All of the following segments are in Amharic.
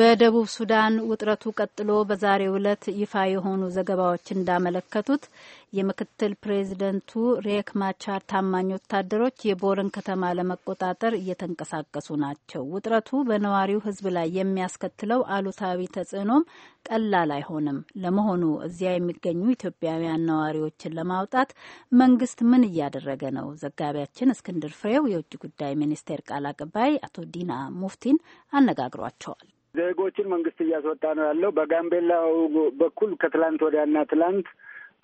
በደቡብ ሱዳን ውጥረቱ ቀጥሎ በዛሬው ዕለት ይፋ የሆኑ ዘገባዎች እንዳመለከቱት የምክትል ፕሬዚደንቱ ሬክ ማቻር ታማኝ ወታደሮች የቦርን ከተማ ለመቆጣጠር እየተንቀሳቀሱ ናቸው። ውጥረቱ በነዋሪው ሕዝብ ላይ የሚያስከትለው አሉታዊ ተጽዕኖም ቀላል አይሆንም። ለመሆኑ እዚያ የሚገኙ ኢትዮጵያውያን ነዋሪዎችን ለማውጣት መንግስት ምን እያደረገ ነው? ዘጋቢያችን እስክንድር ፍሬው የውጭ ጉዳይ ሚኒስቴር ቃል አቀባይ አቶ ዲና ሙፍቲን አነጋግሯቸዋል። ዜጎችን መንግስት እያስወጣ ነው ያለው። በጋምቤላ በኩል ከትላንት ወዲያና ትላንት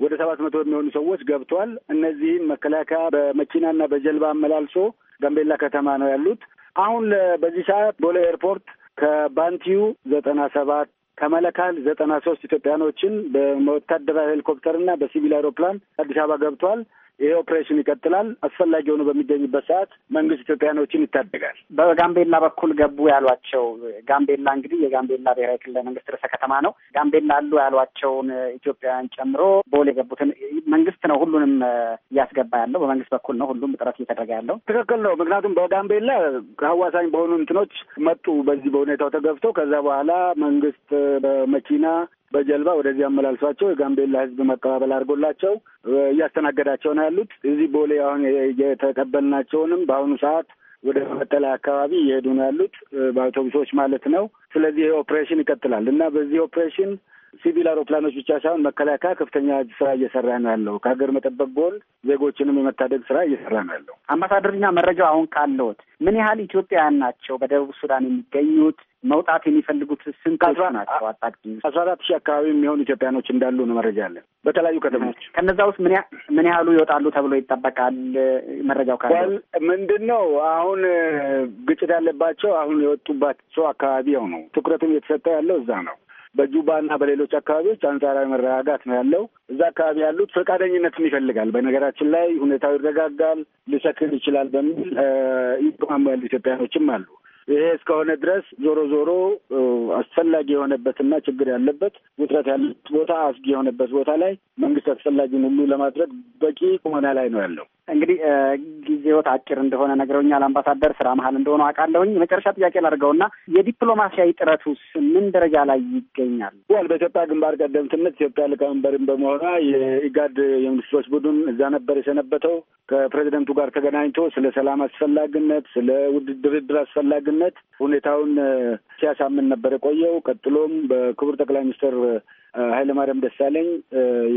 ወደ ሰባት መቶ የሚሆኑ ሰዎች ገብቷል። እነዚህም መከላከያ በመኪናና በጀልባ አመላልሶ ጋምቤላ ከተማ ነው ያሉት። አሁን በዚህ ሰዓት ቦሌ ኤርፖርት ከባንቲዩ ዘጠና ሰባት ከመለካል ዘጠና ሶስት ኢትዮጵያኖችን በወታደራዊ ሄሊኮፕተርና በሲቪል አይሮፕላን አዲስ አበባ ገብቷል። ይሄ ኦፕሬሽን ይቀጥላል። አስፈላጊ ሆኖ በሚገኝበት ሰዓት መንግስት ኢትዮጵያኖችን ይታደጋል። በጋምቤላ በኩል ገቡ ያሏቸው ጋምቤላ እንግዲህ የጋምቤላ ብሔራዊ ክልላዊ መንግስት ርዕሰ ከተማ ነው። ጋምቤላ አሉ ያሏቸውን ኢትዮጵያውያን ጨምሮ ቦሌ የገቡትን መንግስት ነው ሁሉንም እያስገባ ያለው በመንግስት በኩል ነው። ሁሉም ጥረት እየተደረገ ያለው ትክክል ነው። ምክንያቱም በጋምቤላ አዋሳኝ በሆኑ እንትኖች መጡ በዚህ በሁኔታው ተገብተው ከዛ በኋላ መንግስት በመኪና በጀልባ ወደዚህ አመላልሷቸው የጋምቤላ ህዝብ መቀባበል አድርጎላቸው እያስተናገዳቸው ነው ያሉት። እዚህ ቦሌ አሁን የተቀበልናቸውንም በአሁኑ ሰዓት ወደ መጠለያ አካባቢ እየሄዱ ነው ያሉት በአውቶቡሶች ማለት ነው። ስለዚህ ኦፕሬሽን ይቀጥላል እና በዚህ ኦፕሬሽን ሲቪል አውሮፕላኖች ብቻ ሳይሆን መከላከያ ከፍተኛ ስራ እየሰራ ነው ያለው። ከሀገር መጠበቅ ጎን ዜጎችንም የመታደግ ስራ እየሰራ ነው ያለው። አምባሳደርኛ መረጃው አሁን ካለውት ምን ያህል ኢትዮጵያውያን ናቸው በደቡብ ሱዳን የሚገኙት? መውጣት የሚፈልጉት ስንት ናቸው? አጣቂ አስራ አራት ሺህ አካባቢ የሚሆኑ ኢትዮጵያኖች እንዳሉ ነው መረጃ አለን በተለያዩ ከተሞች። ከነዛ ውስጥ ምን ያህሉ ይወጣሉ ተብሎ ይጠበቃል? መረጃው ካለ ምንድን ነው አሁን ግጭት ያለባቸው አሁን የወጡባቸው አካባቢ ነው ትኩረትም እየተሰጠ ያለው እዛ ነው። በጁባና በሌሎች አካባቢዎች አንጻራዊ መረጋጋት ነው ያለው። እዛ አካባቢ ያሉት ፈቃደኝነትን ይፈልጋል። በነገራችን ላይ ሁኔታው ይረጋጋል፣ ሊሰክል ይችላል በሚል ይማሙ ያሉ ኢትዮጵያኖችም አሉ። ይሄ እስከሆነ ድረስ ዞሮ ዞሮ አስፈላጊ የሆነበትና ችግር ያለበት ውጥረት ያለበት ቦታ፣ አስጊ የሆነበት ቦታ ላይ መንግስት አስፈላጊውን ሁሉ ለማድረግ በቂ ቁመና ላይ ነው ያለው። እንግዲህ ጊዜዎት አጭር እንደሆነ ነግረውኛል አምባሳደር፣ ስራ መሀል እንደሆነ አውቃለሁኝ። መጨረሻ ጥያቄ ላድርገውና የዲፕሎማሲያዊ ጥረቱስ ምን ደረጃ ላይ ይገኛል? ያል በኢትዮጵያ ግንባር ቀደምትነት ኢትዮጵያ ሊቀመንበርን በመሆኗ የኢጋድ የሚኒስትሮች ቡድን እዛ ነበር የሰነበተው። ከፕሬዚደንቱ ጋር ተገናኝቶ ስለ ሰላም አስፈላጊነት፣ ስለ ድርድር አስፈላጊነት ሁኔታውን ሲያሳምን ነበር የቆየው። ቀጥሎም በክቡር ጠቅላይ ሚኒስትር ኃይለማርያም ደሳለኝ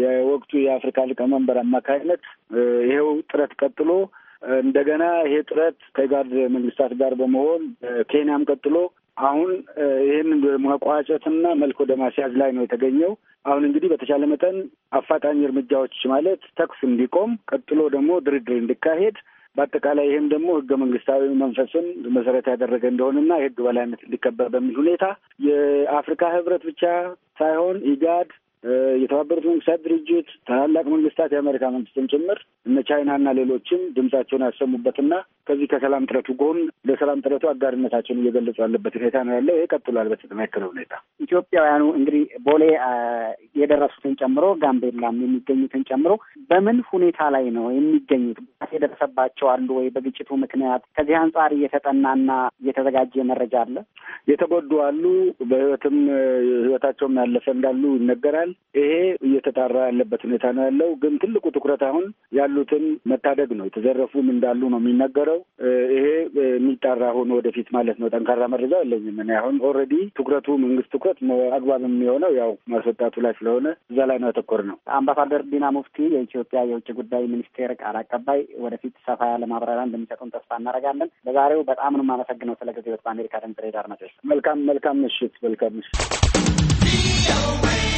የወቅቱ የአፍሪካ ሊቀመንበር አማካኝነት ይሄው ጥረት ቀጥሎ እንደገና ይሄ ጥረት ከጋርድ መንግስታት ጋር በመሆን ኬንያም ቀጥሎ አሁን ይህን መቋጨትና መልክ ወደ ማስያዝ ላይ ነው የተገኘው። አሁን እንግዲህ በተቻለ መጠን አፋጣኝ እርምጃዎች ማለት ተኩስ እንዲቆም፣ ቀጥሎ ደግሞ ድርድር እንዲካሄድ በአጠቃላይ ይህም ደግሞ ህገ መንግስታዊ መንፈስን መሰረት ያደረገ እንደሆነና የህግ በላይነት እንዲከበር በሚል ሁኔታ የአፍሪካ ህብረት ብቻ ሳይሆን ኢጋድ የተባበሩት መንግስታት ድርጅት፣ ታላላቅ መንግስታት፣ የአሜሪካ መንግስትም ጭምር እነ ቻይናና ሌሎችም ድምጻቸውን ያሰሙበትና ከዚህ ከሰላም ጥረቱ ጎን ለሰላም ጥረቱ አጋርነታቸውን እየገለጹ ያለበት ሁኔታ ነው ያለ። ይህ ቀጥሏል በተጠናከረ ሁኔታ። ኢትዮጵያውያኑ እንግዲህ ቦሌ የደረሱትን ጨምሮ ጋምቤላም የሚገኙትን ጨምሮ በምን ሁኔታ ላይ ነው የሚገኙት? የደረሰባቸው አሉ ወይ? በግጭቱ ምክንያት ከዚህ አንጻር እየተጠናና እየተዘጋጀ መረጃ አለ? የተጎዱ አሉ፣ በህይወትም ህይወታቸውም ያለፈ እንዳሉ ይነገራል። ይችላል። ይሄ እየተጣራ ያለበት ሁኔታ ነው ያለው። ግን ትልቁ ትኩረት አሁን ያሉትን መታደግ ነው። የተዘረፉም እንዳሉ ነው የሚነገረው። ይሄ የሚጣራ ሁን ወደፊት ማለት ነው። ጠንካራ መረጃ የለኝም እኔ አሁን ኦልሬዲ ትኩረቱ መንግስት ትኩረት አግባብ የሚሆነው ያው ማስወጣቱ ላይ ስለሆነ እዛ ላይ ነው ያተኮር ነው። አምባሳደር ዲና ሙፍቲ የኢትዮጵያ የውጭ ጉዳይ ሚኒስቴር ቃል አቀባይ ወደፊት ሰፋ ያለ ማብራሪያ እንደሚሰጡን ተስፋ እናደርጋለን። በዛሬው በጣም ነው የማመሰግነው ስለ ጊዜ በአሜሪካ ድምጽ ሬዲዮ መልካም መልካም ምሽት መልካም ምሽት።